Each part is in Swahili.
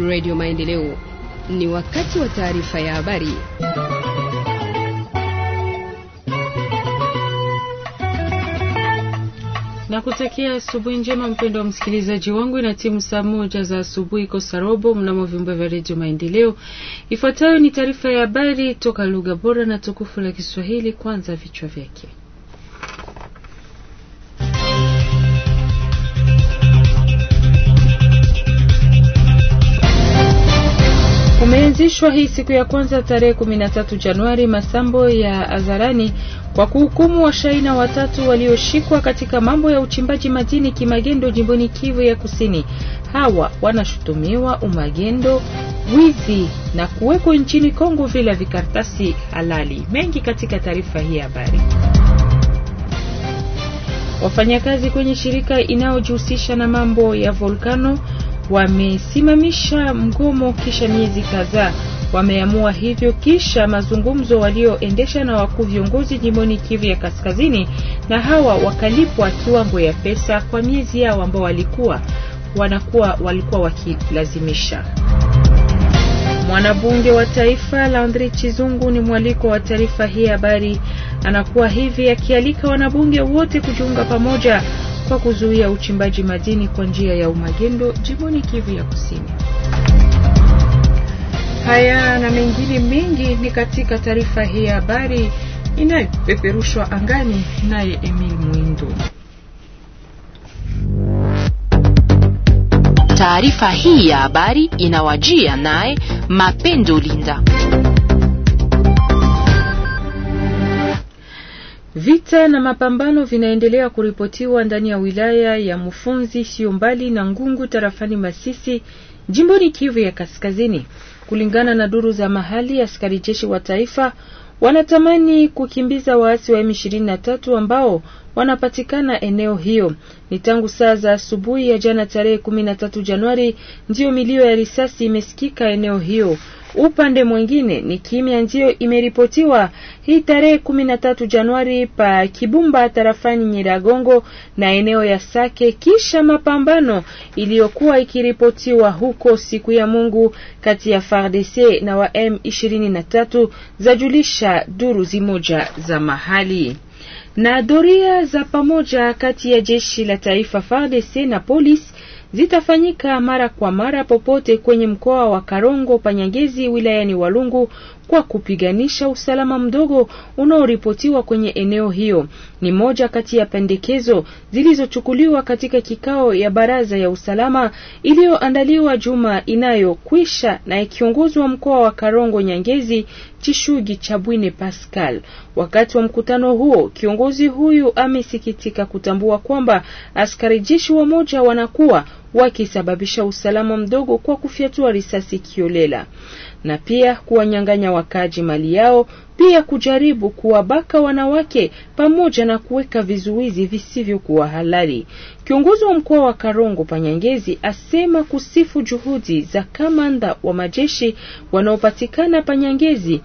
Radio Maendeleo. Ni wakati wa taarifa ya habari. Na kutakia asubuhi njema mpendo wa msikilizaji wangu. Ina timu saa moja za asubuhi kosa robo mnamo vyumba vya redio Maendeleo. Ifuatayo ni taarifa ya habari toka lugha bora na tukufu la Kiswahili. Kwanza vichwa vyake ilianzishwa hii siku ya kwanza tarehe 13 Januari masambo ya Azarani kwa kuhukumu washaina watatu walioshikwa katika mambo ya uchimbaji madini kimagendo jimboni Kivu ya Kusini. Hawa wanashutumiwa umagendo, wizi na kuwekwa nchini Kongo vila vikartasi halali. Mengi katika taarifa hii habari. Wafanyakazi kwenye shirika inayojihusisha na mambo ya volkano wamesimamisha mgomo kisha miezi kadhaa. Wameamua hivyo kisha mazungumzo walioendesha na wakuu viongozi jimboni Kivu ya Kaskazini, na hawa wakalipwa kiwango ya pesa kwa miezi yao ambao walikuwa wanakuwa walikuwa wakilazimisha. Mwanabunge wa taifa Landri Chizungu ni mwaliko wa taarifa hii habari, anakuwa hivi akialika wanabunge wote kujiunga pamoja kwa kuzuia uchimbaji madini kwa njia ya umagendo jimboni Kivu ya Kusini. Haya na mengine mengi ni katika taarifa hii ya habari inayopeperushwa angani naye Emil Mwindo. Taarifa hii ya habari inawajia naye Mapendo Linda. Vita na mapambano vinaendelea kuripotiwa ndani ya wilaya ya mfunzi sio mbali na Ngungu, tarafani Masisi, jimboni Kivu ya Kaskazini. Kulingana na duru za mahali, askari jeshi wa taifa wanatamani kukimbiza waasi wa M23 ambao wanapatikana eneo hiyo. Ni tangu saa za asubuhi ya jana tarehe 13 Januari ndiyo milio ya risasi imesikika eneo hiyo. Upande mwingine ni kimya ndiyo imeripotiwa hii tarehe 13 Januari pa Kibumba tarafani Nyiragongo na eneo ya Sake, kisha mapambano iliyokuwa ikiripotiwa huko siku ya Mungu kati ya FARDC na wa M23 zajulisha duru zimoja za mahali na doria za pamoja kati ya jeshi la taifa FARDC na polisi zitafanyika mara kwa mara popote kwenye mkoa wa Karongo Panyangezi wilayani Walungu kwa kupiganisha usalama mdogo unaoripotiwa kwenye eneo hiyo. Ni moja kati ya pendekezo zilizochukuliwa katika kikao ya baraza ya usalama iliyoandaliwa juma inayokwisha na kiongozi wa mkoa wa Karongo Nyangezi Chishugi Chabwine Pascal. Wakati wa mkutano huo, kiongozi huyu amesikitika kutambua kwamba askari jeshi wamoja wanakuwa wakisababisha usalama mdogo kwa kufyatua risasi kiolela na pia kuwanyang'anya wakaji mali yao, pia kujaribu kuwabaka wanawake pamoja na kuweka vizuizi visivyokuwa halali. Kiongozi wa mkoa wa Karongo Panyangezi asema kusifu juhudi za kamanda wa majeshi wanaopatikana Panyangezi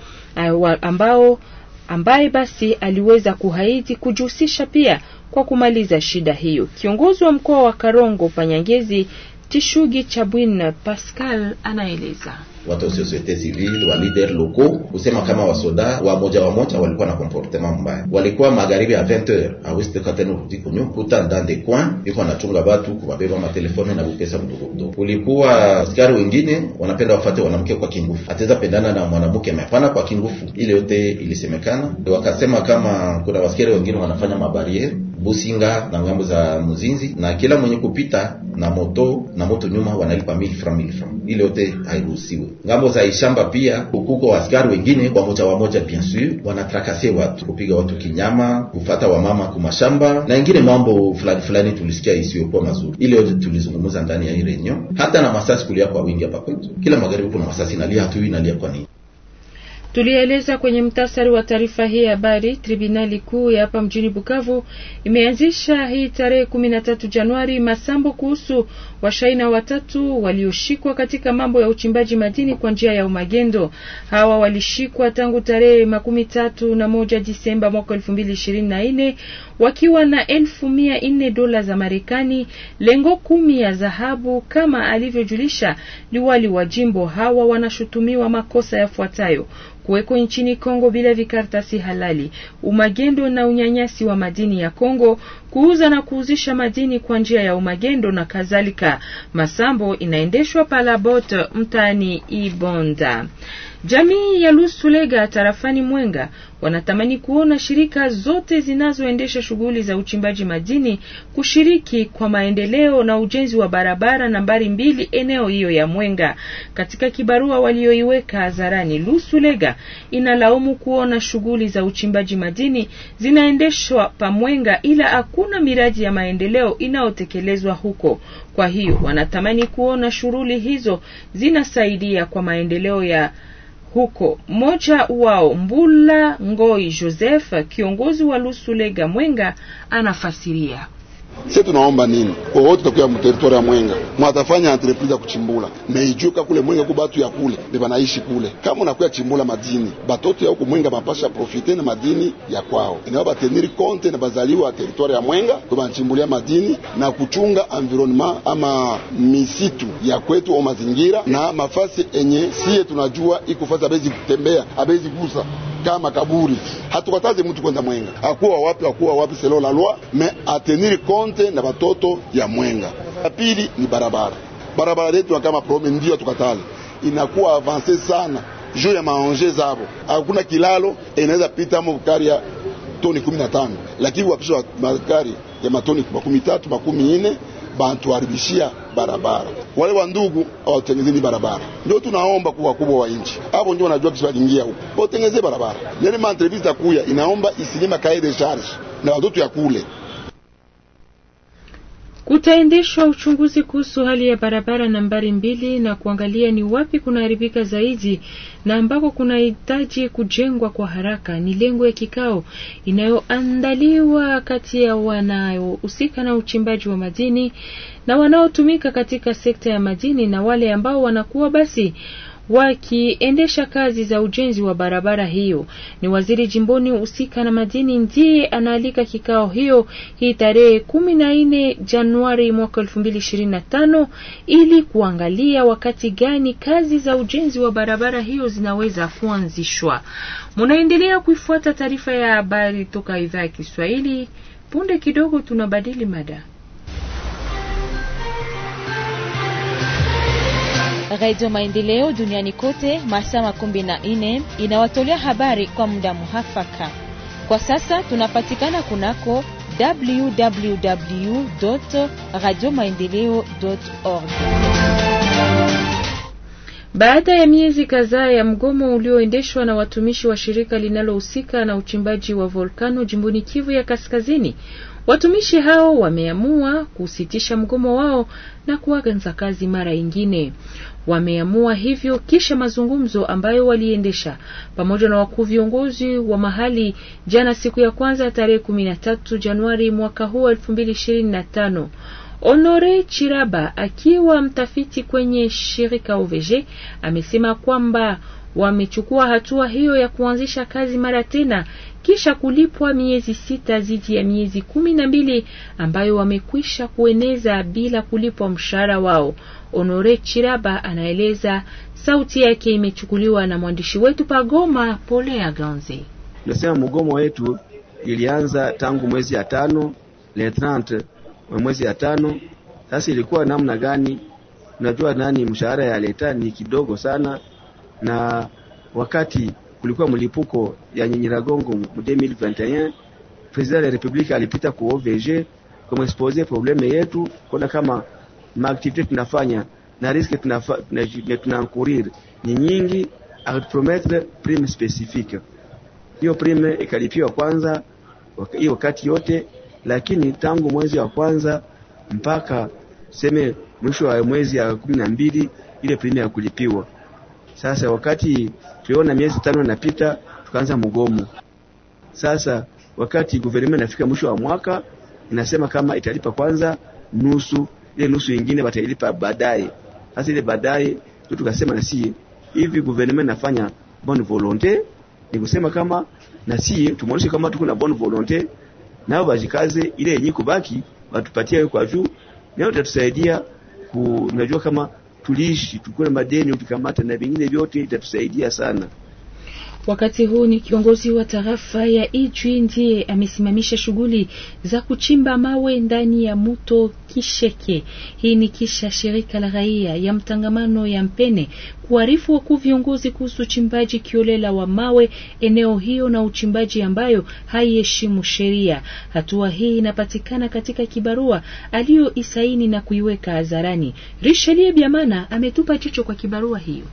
ambao ambaye basi aliweza kuhaidi kujihusisha pia kwa kumaliza shida hiyo. Kiongozi wa mkoa wa Karongo Panyangezi Tishugi Chabwin Pascal anaeleza watu wa societe civile, wa leader locaux kusema kama wasoda wa wa wamoja walikuwa na comportement mbaya, walikuwa magharibi ya 20h aweste katani kurudi kunyo kuta ndande kwa yuko anachunga watu kuwabeba matelefone na kupesa mdogo mdogo. Kulikuwa askari wengine wanapenda wafate wanamke kwa kingufu, ataweza pendana na mwanamke mapana kwa kingufu. Ile yote ilisemekana, wakasema kama kuna waskari wengine wanafanya mabariere Businga na ngambo za Muzinzi, na kila mwenye kupita na moto na moto nyuma wanalipa 1000 francs 1000 francs. Ile yote hairuhusiwi ngambo za ishamba pia ukuko askari wengine wamoja wamoja, bien sur wanatrakase watu kupiga watu kinyama, kufata wamama kumashamba na ingine mambo fulani fulani tulisikia isiyokuwa mazuri. Ile yote tulizungumza ndani ya hii Hata na masasi kulia kwa wingi hapa kwetu, kila magharibi kuna masasi inalia, hatujui inalia kwa nini. Tulieleza kwenye mtasari wa taarifa hii ya habari. Tribunali kuu ya hapa mjini Bukavu imeanzisha hii tarehe kumi na tatu Januari masambo kuhusu Washaina watatu walioshikwa katika mambo ya uchimbaji madini kwa njia ya umagendo. Hawa walishikwa tangu tarehe makumi tatu na moja Disemba mwaka elfu mbili ishirini na nne wakiwa na elfu mia nne dola za Marekani, lengo kumi ya dhahabu. Kama alivyojulisha liwali wa jimbo, hawa wanashutumiwa makosa yafuatayo: kuweko nchini Kongo bila vikaratasi halali, umagendo na unyanyasi wa madini ya Kongo, kuuza na kuuzisha madini kwa njia ya umagendo na kadhalika. Masambo inaendeshwa palabot mtaani Ibonda. Jamii ya Lusulega tarafani Mwenga wanatamani kuona shirika zote zinazoendesha shughuli za uchimbaji madini kushiriki kwa maendeleo na ujenzi wa barabara nambari mbili eneo hiyo ya Mwenga. Katika kibarua walioiweka hadharani, Lusulega inalaumu kuona shughuli za uchimbaji madini zinaendeshwa pa Mwenga, ila hakuna miradi ya maendeleo inayotekelezwa huko. Kwa hiyo wanatamani kuona shughuli hizo zinasaidia kwa maendeleo ya huko. Mmoja wao Mbula Ngoi Joseph, kiongozi wa Lusulega Mwenga, anafasiria sisi tunaomba nini kwa wote tutakuwa mu territory ya Mwenga, mwatafanya entreprise ya kuchimbula meijuka kule Mwenga, kwa watu ya kule Ni banaishi kule. Kama unakuwa chimbula madini, batoto ya huko Mwenga mapasha profite na madini ya kwao, na baba tenir na bazaliwa territory ya Mwenga, kwa banachimbulia madini na kuchunga environment ama misitu ya kwetu au mazingira na mafasi enye siye tunajua iko fasi abezi kutembea abezi kusa kama kaburi. Hatukataze mtu kwenda mwenga, akuwa wapi akuwa wapi, selo la loi mais atenir compte na batoto ya mwenga. ya pili ni barabara, barabara yetu kama prome ndio atukatale, inakuwa avanse sana juu ya maonje zabo, hakuna kilalo inaweza pita mokari ya toni 15 lakini wapisha makari ya matoni makumi tatu makumi nne waribishia barabara, wale wa ndugu hawatengezeni barabara. Ndio tunaomba kwa wakubwa wa nchi, hapo ndio wanajua kisha kiingia huko, watengezee barabara. Yani mantrevista kuya inaomba isinima kae de charge na watoto ya kule Kutaendeshwa uchunguzi kuhusu hali ya barabara nambari mbili na kuangalia ni wapi kunaharibika zaidi na ambako kunahitaji kujengwa kwa haraka. Ni lengo ya kikao inayoandaliwa kati ya wanaohusika na uchimbaji wa madini na wanaotumika katika sekta ya madini na wale ambao wanakuwa basi wakiendesha kazi za ujenzi wa barabara hiyo. Ni waziri jimboni husika na madini ndiye anaalika kikao hiyo hii tarehe kumi na nne Januari mwaka elfu mbili ishirini na tano ili kuangalia wakati gani kazi za ujenzi wa barabara hiyo zinaweza kuanzishwa. Munaendelea kuifuata taarifa ya habari toka idhaa ya Kiswahili. Punde kidogo tunabadili mada. Radio Maendeleo duniani kote masaa makumi na nne inawatolea habari kwa muda muhafaka. Kwa sasa tunapatikana kunako www radio maendeleo org. Baada ya miezi kadhaa ya mgomo ulioendeshwa na watumishi wa shirika linalohusika na uchimbaji wa volkano jimboni Kivu ya Kaskazini, Watumishi hao wameamua kusitisha mgomo wao na kuanza kazi mara ingine. Wameamua hivyo kisha mazungumzo ambayo waliendesha pamoja na wakuu viongozi wa mahali jana, siku ya kwanza tarehe 13 Januari mwaka huu 2025. Honore Chiraba akiwa mtafiti kwenye shirika OVG amesema kwamba wamechukua hatua hiyo ya kuanzisha kazi mara tena kisha kulipwa miezi sita zidi ya miezi kumi na mbili ambayo wamekwisha kueneza bila kulipwa mshahara wao. Honore Chiraba anaeleza, sauti yake imechukuliwa na mwandishi wetu Pagoma Pole ya Ganze. Nasema mgomo wetu ilianza tangu mwezi ya tano le 30 mwezi ya tano. Sasa ilikuwa namna gani? Unajua nani mshahara ya leta ni kidogo sana, na wakati kulikuwa mlipuko ya Nyiragongo mu 2021 president ya la alipita ku OVG kumexpose probleme yetu kona kama maaktivite tunafanya na riski tunankurir ni nyingi, akatuprometre prime specifique. Hiyo prime ikalipiwa kwanza hiyo wakati yote, lakini tangu mwezi wa kwanza mpaka seme mwisho wa mwezi ya kumi na mbili ile prime ya kulipiwa sasa wakati tuliona miezi tano inapita, tukaanza mgomo. Sasa wakati government inafika mwisho wa mwaka inasema kama italipa kwanza nusu, ile nusu nyingine watailipa baadaye. Sasa ile baadaye tu tukasema na sie hivi government inafanya bonne volonté, ni kusema kama na sie tumuoneshe kama tuko na bonne volonté, nao bajikaze, ile yenyewe kubaki watupatie kwa juu, nao itatusaidia. kunajua kama tuliishi, tukule madeni, tukamate na vingine vyote, itatusaidia sana. Wakati huu ni kiongozi wa tarafa ya Ijwi ndiye amesimamisha shughuli za kuchimba mawe ndani ya mto Kisheke. Hii ni kisha shirika la raia ya mtangamano ya Mpene kuarifu wakuu viongozi kuhusu uchimbaji kiolela wa mawe eneo hiyo na uchimbaji ambayo haiheshimu sheria. Hatua hii inapatikana katika kibarua aliyoisaini na kuiweka hadharani. Richelie Biamana ametupa jicho kwa kibarua hiyo.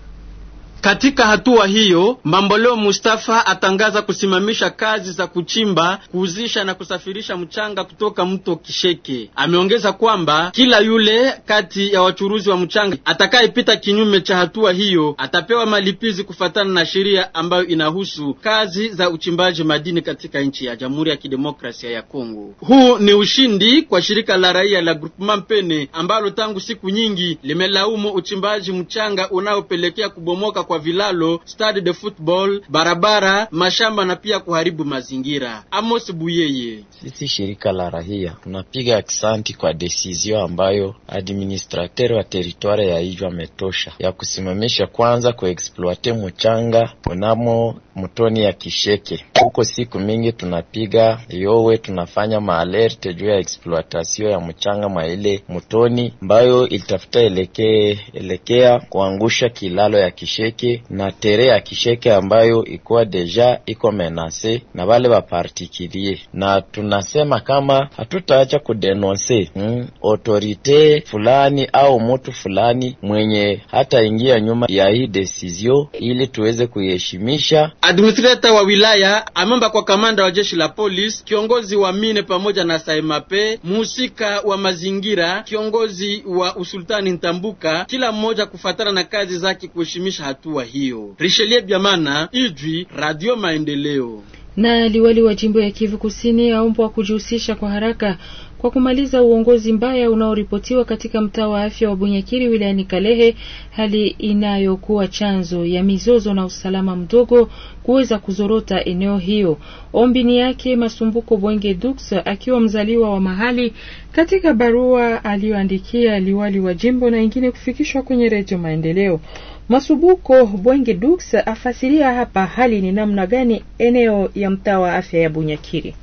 Katika hatua hiyo, Mamboleo Mustafa atangaza kusimamisha kazi za kuchimba, kuuzisha na kusafirisha mchanga kutoka mto Kisheke. Ameongeza kwamba kila yule kati ya wachuruzi wa mchanga atakayepita kinyume cha hatua hiyo atapewa malipizi kufatana na sheria ambayo inahusu kazi za uchimbaji madini katika nchi ya Jamhuri ya Kidemokrasia ya Kongo. Huu ni ushindi kwa shirika la raia la Groupement Pene ambalo tangu siku nyingi limelaumu uchimbaji mchanga unaopelekea kubomoka kwa kwa vilalo, stade de football, barabara, mashamba na pia kuharibu mazingira. Amos Buyeye: sisi shirika la rahia tunapiga aksanti kwa desizio ambayo administrateur wa teritwari ya Ijwi ametosha ya kusimamisha kwanza kuexploite mchanga ponamo mtoni ya Kisheke. Huko siku mingi tunapiga yowe, tunafanya maalerte juu ya exploitation ya mchanga mwa ile mtoni ambayo ilitafuta elekee elekea kuangusha kilalo ya Kisheke yake na tere ya Kisheke ambayo ikuwa deja iko menase na wale wapartikilie, na tunasema kama hatutaacha kudenonse hmm, otorite fulani au mutu fulani mwenye hata ingia nyuma ya hii desizio ili tuweze kuiheshimisha. Administrator wa wilaya ameomba kwa kamanda wa jeshi la polisi, kiongozi wa mine pamoja na Saimape, muhusika wa mazingira, kiongozi wa usultani Ntambuka, kila mmoja kufatana na kazi zake kuheshimisha hatua hatua hiyo. Richelieu Biamana, Idwi, Radio Maendeleo. Na liwali wa jimbo ya Kivu Kusini aombwa kujihusisha kwa haraka kwa kumaliza uongozi mbaya unaoripotiwa katika mtaa wa afya wa Bunyakiri wilayani Kalehe, hali inayokuwa chanzo ya mizozo na usalama mdogo kuweza kuzorota eneo hiyo. Ombi ni yake Masumbuko Bwenge Dux, akiwa mzaliwa wa mahali, katika barua aliyoandikia liwali wa jimbo na ingine kufikishwa kwenye Redio Maendeleo. Masubuko Bwenge Dux afasiria hapa hali ni namna gani eneo ya mtaa wa afya ya Bunyakiri.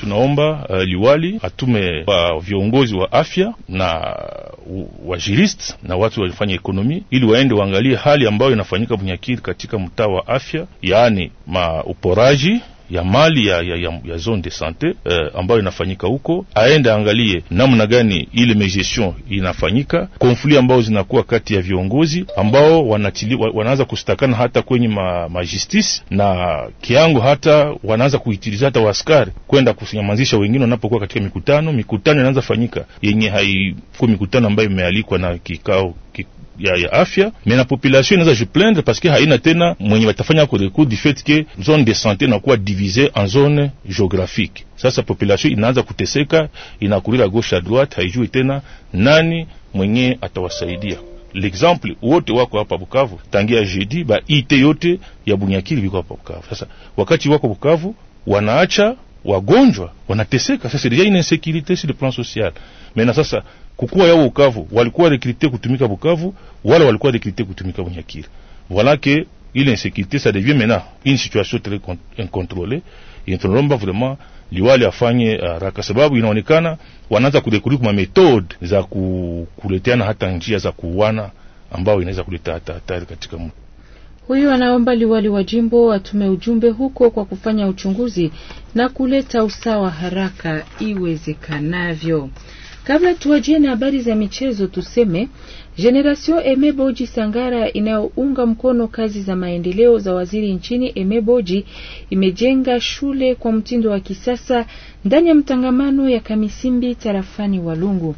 Tunaomba uh, liwali atume wa uh, viongozi wa afya na uh, wajirist na watu wafanya ekonomi ili waende waangalie hali ambayo inafanyika Bunyakiri katika mtaa wa afya, yaani mauporaji ya mali ya, ya, ya, ya zone de sante eh, ambayo inafanyika huko, aende angalie namna gani ile megestion inafanyika, konfli ambao zinakuwa kati ya viongozi ambao wanachili, wanaanza kustakana hata kwenye ma, majustisi na kiango, hata wanaanza kuitiliza hata waskari kwenda kunyamazisha wengine wanapokuwa katika mikutano. Mikutano inaanza fanyika yenye haikuwa mikutano ambayo imealikwa na kikao kik ya, ya afya me na population inaweza jiplaindre parce que haina tena mwenye watafanya kureku du fait que zone de santé nakuwa divise en zone géographique. Sasa population inaanza kuteseka, inakurira gauche à droite, haijui tena nani mwenye atawasaidia. L'exemple wote wako hapa Bukavu tangia jeudi, ba ite yote ya Bunyakili biko hapa Bukavu. Sasa wakati wako Bukavu wanaacha wagonjwa wanateseka sasa, deja ina insekirite sur le plan social. Mena sasa kukuwa yao Bukavu, walikuwa rekrite kutumika Bukavu, wala walikuwa rekrite kutumika Bunyakiri. Voilà que ile insekirite ça devient maintenant une situation très incontrôlée. Inatulomba vraiment liwali afanye euh, haraka, sababu inaonekana wanaanza kudekuri kwa metode za kuleteana hata njia za kuuana ambao inaweza kuleta hata hatari katika mtu. Huyu anaomba liwali wa jimbo atume ujumbe huko kwa kufanya uchunguzi na kuleta usawa haraka iwezekanavyo. Kabla tuwajie na habari za michezo, tuseme Generation Eme Boji Sangara inayounga mkono kazi za maendeleo za waziri nchini Eme Boji imejenga shule kwa mtindo wa kisasa ndani ya mtangamano ya Kamisimbi tarafani Walungu.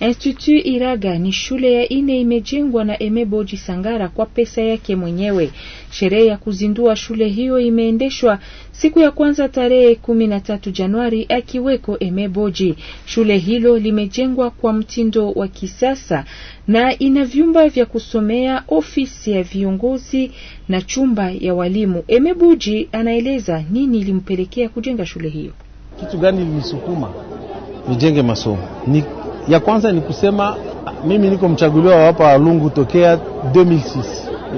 Institut Iraga ni shule ya ine imejengwa na Emeboji Sangara kwa pesa yake mwenyewe. Sherehe ya kuzindua shule hiyo imeendeshwa siku ya kwanza tarehe kumi na tatu Januari akiweko Emeboji. Shule hilo limejengwa kwa mtindo wa kisasa na ina vyumba vya kusomea, ofisi ya viongozi na chumba ya walimu. Emeboji anaeleza nini ilimpelekea kujenga shule hiyo. Kitu gani linisukuma nijenge masomo ni ya kwanza ni kusema mimi niko mchaguliwa hapa Walungu tokea 2006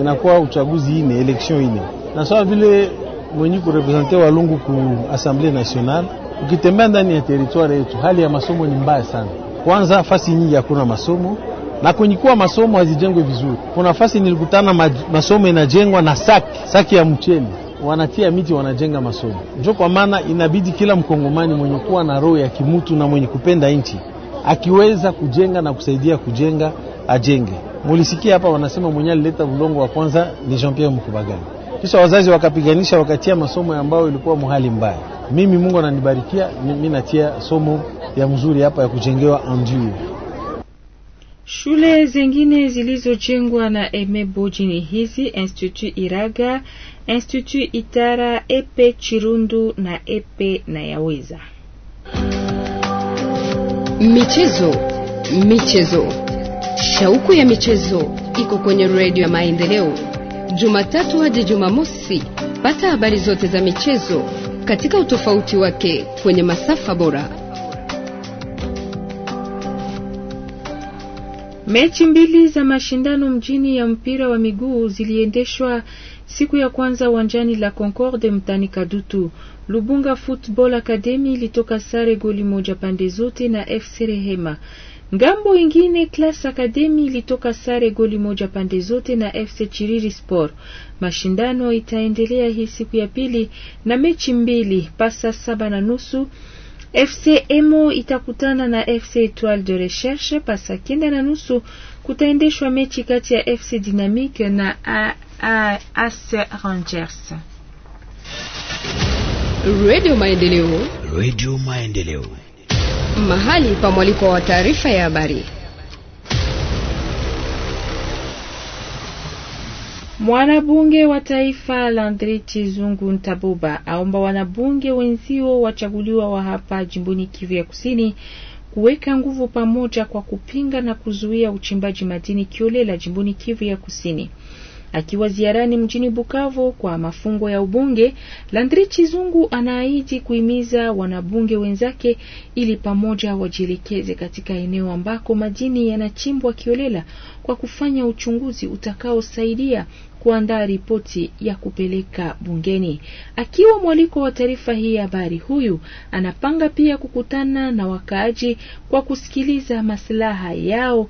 inakuwa uchaguzi ine election ine, na sawa vile mwenye kurepresente Walungu ku Assemblée Nationale. Ukitembea ndani ya teritwari yetu, hali ya masomo ni mbaya sana. Kwanza fasi nyingi hakuna masomo na kuwa masomo hazijengwe vizuri. Kuna fasi nilikutana masomo inajengwa na saki saki ya mcheni, wanatia miti wanajenga masomo. Njo kwa maana inabidi kila mkongomani mwenye kuwa na roho ya kimutu na mwenye kupenda nchi akiweza kujenga na kusaidia kujenga ajenge. Mulisikia hapa wanasema mwenye alileta ulongo wa kwanza ni Jean Pierre Mukubagani, kisha wazazi wakapiganisha, wakatia masomo ambayo ilikuwa muhali mbaya. Mimi Mungu ananibarikia mimi natia somo ya mzuri hapa ya kujengewa andio Shule zingine zilizojengwa na Emeboji ni hizi Institut Iraga, Institut Itara, Epe Chirundu na Epe na Yaweza. Michezo, michezo, shauku ya michezo iko kwenye redio ya Maendeleo, Jumatatu hadi Jumamosi. Pata habari zote za michezo katika utofauti wake kwenye masafa bora. Mechi mbili za mashindano mjini ya mpira wa miguu ziliendeshwa siku ya kwanza uwanjani la Concorde mtani Kadutu. Lubunga Football Academy ilitoka sare goli moja pande zote na FC Rehema. Ngambo ingine Class Academy ilitoka sare goli moja pande zote na FC Chiriri Sport. Mashindano itaendelea hii siku ya pili na mechi mbili pasa saba na nusu FC Emo itakutana na FC Etoile de Recherche. Pasa kenda na nusu kutaendeshwa mechi kati ya FC Dynamique na AS Rangers. Radio Maendeleo. Radio Maendeleo, mahali pa mwaliko wa taarifa ya habari. Mwanabunge wa taifa Landri Chizungu Ntaboba aomba wanabunge wenzio wachaguliwa wa hapa jimboni Kivu ya Kusini kuweka nguvu pamoja kwa kupinga na kuzuia uchimbaji madini kiolela jimboni Kivu ya Kusini. Akiwa ziarani mjini Bukavu kwa mafungo ya ubunge, Landri Chizungu anaahidi kuhimiza wanabunge wenzake ili pamoja wajielekeze katika eneo ambako madini yanachimbwa kiolela kwa kufanya uchunguzi utakaosaidia kuandaa ripoti ya kupeleka bungeni. Akiwa mwaliko wa taarifa hii ya habari, huyu anapanga pia kukutana na wakaaji kwa kusikiliza maslaha yao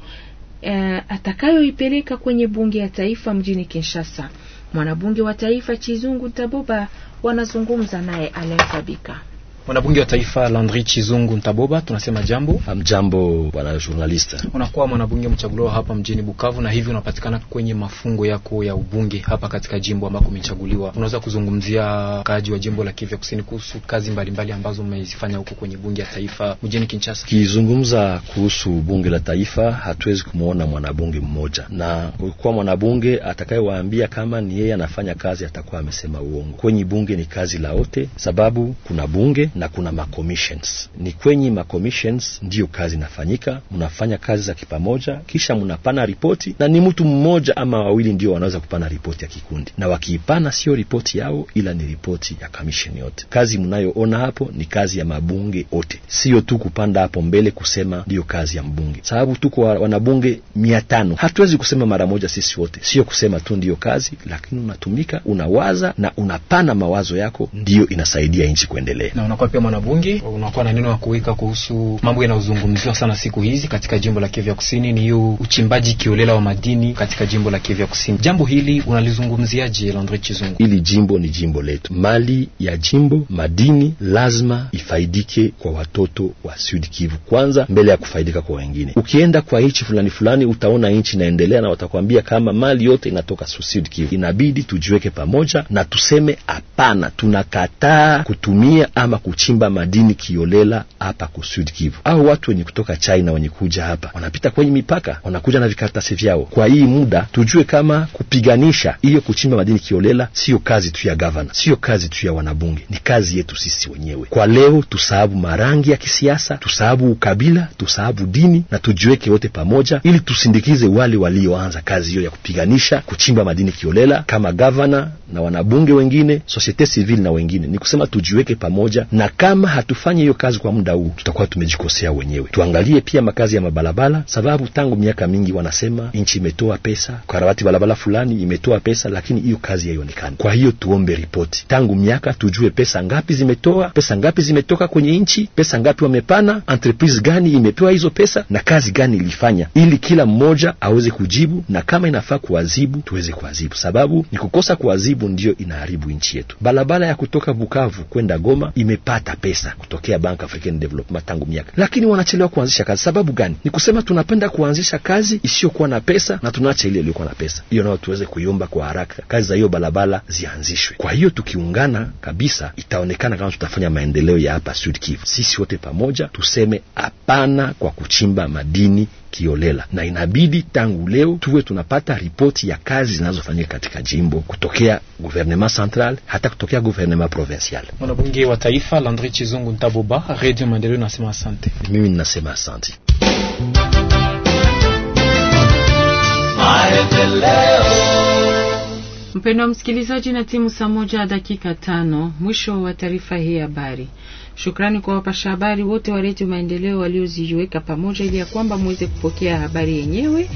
eh, atakayoipeleka kwenye bunge ya taifa mjini Kinshasa. Mwanabunge wa taifa Chizungu Taboba wanazungumza naye Alain sabika Mwanabunge wa taifa Landri Chizungu Ntaboba, tunasema jambo. Amjambo bwana journalista. Unakuwa mwanabunge mchaguliwa hapa mjini Bukavu na hivi unapatikana kwenye mafungo yako ya ubunge hapa katika jimbo ambako umechaguliwa. Unaweza kuzungumzia kaji wa jimbo la Kivu Kusini kuhusu kazi mbalimbali mbali ambazo umezifanya huko kwenye bunge ya taifa mjini Kinshasa? Kizungumza kuhusu bunge la taifa, hatuwezi kumwona mwanabunge mmoja, na kwa mwanabunge atakayewaambia kama ni yeye anafanya kazi atakuwa amesema uongo. Kwenye bunge ni kazi la wote, sababu kuna bunge na kuna macommissions. Ni kwenye macommissions ndiyo kazi inafanyika, mnafanya kazi za kipamoja, kisha mnapana ripoti, na ni mtu mmoja ama wawili ndio wanaweza kupana ripoti ya kikundi, na wakiipana sio ripoti yao, ila ni ripoti ya kamisheni yote. Kazi mnayoona hapo ni kazi ya mabunge wote, sio tu kupanda hapo mbele kusema ndiyo kazi ya mbunge, sababu tuko wanabunge mia tano, hatuwezi kusema mara moja sisi wote, sio kusema tu ndiyo kazi, lakini unatumika, unawaza na unapana mawazo yako, ndiyo inasaidia nchi kuendelea na unakuwa pia mwanabunge, unakuwa na neno ya kuweka kuhusu mambo yanayozungumziwa sana siku hizi katika jimbo la Kivu Kusini, ni hiyo uchimbaji kiolela wa madini katika jimbo la Kivu Kusini. Jambo hili unalizungumziaje, Landre Chizungu? Hili jimbo ni jimbo letu, mali ya jimbo, madini lazima ifaidike kwa watoto wa Sud Kivu kwanza, mbele ya kufaidika kwa wengine. Ukienda kwa nchi fulani fulani, utaona nchi inaendelea na watakwambia kama mali yote inatoka Sud Kivu. Inabidi tujiweke pamoja na tuseme hapana, tunakataa kutumia ama kutumia kuchimba madini kiolela hapa kusud Kivu. Au watu wenye kutoka China wenye kuja hapa wanapita kwenye mipaka, wanakuja na vikaratasi vyao. Kwa hii muda tujue kama kupiganisha hiyo kuchimba madini kiolela siyo kazi tu ya gavana, siyo kazi tu ya wanabunge, ni kazi yetu sisi wenyewe. Kwa leo tusahabu marangi ya kisiasa, tusahabu ukabila, tusahabu dini na tujiweke wote pamoja, ili tusindikize wale walioanza kazi hiyo ya kupiganisha kuchimba madini kiolela, kama gavana na wanabunge wengine, societe civile na wengine. Ni kusema tujiweke pamoja na na kama hatufanye hiyo kazi kwa muda huu, tutakuwa tumejikosea wenyewe. Tuangalie pia makazi ya mabalabala, sababu tangu miaka mingi wanasema nchi imetoa pesa karabati balabala fulani, imetoa pesa, lakini hiyo kazi haionekani. Kwa hiyo tuombe ripoti tangu miaka, tujue pesa ngapi zimetoa, pesa ngapi zimetoka kwenye nchi, pesa ngapi wamepana, entreprise gani imepewa hizo pesa na kazi gani ilifanya, ili kila mmoja aweze kujibu, na kama inafaa kuwazibu tuweze kuwazibu, sababu ni kukosa kuwazibu ndiyo inaharibu nchi yetu. Balabala ya kutoka Bukavu kwenda Goma ime kupata pesa kutokea Bank African Development tangu miaka, lakini wanachelewa kuanzisha kazi. Sababu gani? Ni kusema tunapenda kuanzisha kazi isiyokuwa na pesa na tunaacha ile iliyokuwa na pesa. Hiyo nayo tuweze kuiomba kwa haraka, kazi za hiyo barabara zianzishwe. Kwa hiyo tukiungana kabisa, itaonekana kama tutafanya maendeleo ya hapa Sud Kivu. Sisi wote pamoja tuseme hapana kwa kuchimba madini kiolela, na inabidi tangu leo tuwe tunapata ripoti ya kazi zinazofanyika katika jimbo kutokea guvernement central hata kutokea guvernement provincial. Mwanabunge wa taifa Landri Chizungu Ntaboba, Radio Maendeleo, nasema asante. Mimi ninasema asante. Mpendwa msikilizaji, na timu saa moja dakika tano mwisho wa taarifa hii habari. Shukrani kwa wapasha habari wote wa redio Maendeleo walioziweka pamoja ili ya kwamba muweze kupokea habari yenyewe.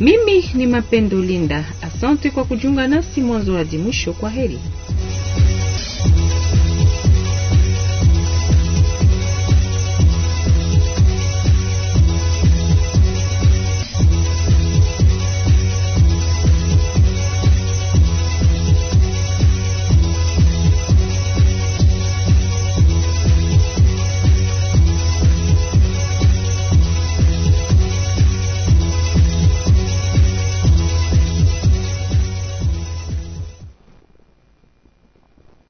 Mimi ni Mapendo Linda, asante kwa kujiunga nasi mwanzo hadi mwisho. Kwa heri.